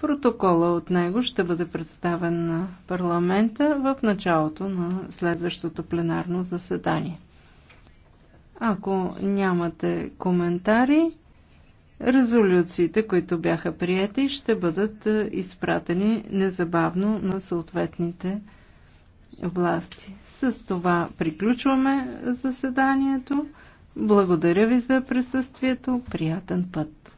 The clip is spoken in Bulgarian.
Протокола от него ще бъде представен на парламента в началото на следващото пленарно заседание. Ако нямате коментари, резолюциите, които бяха приети, ще бъдат е, изпратени незабавно на съответните власти. С това приключваме заседанието. Благодаря ви за присъствието. Приятен път!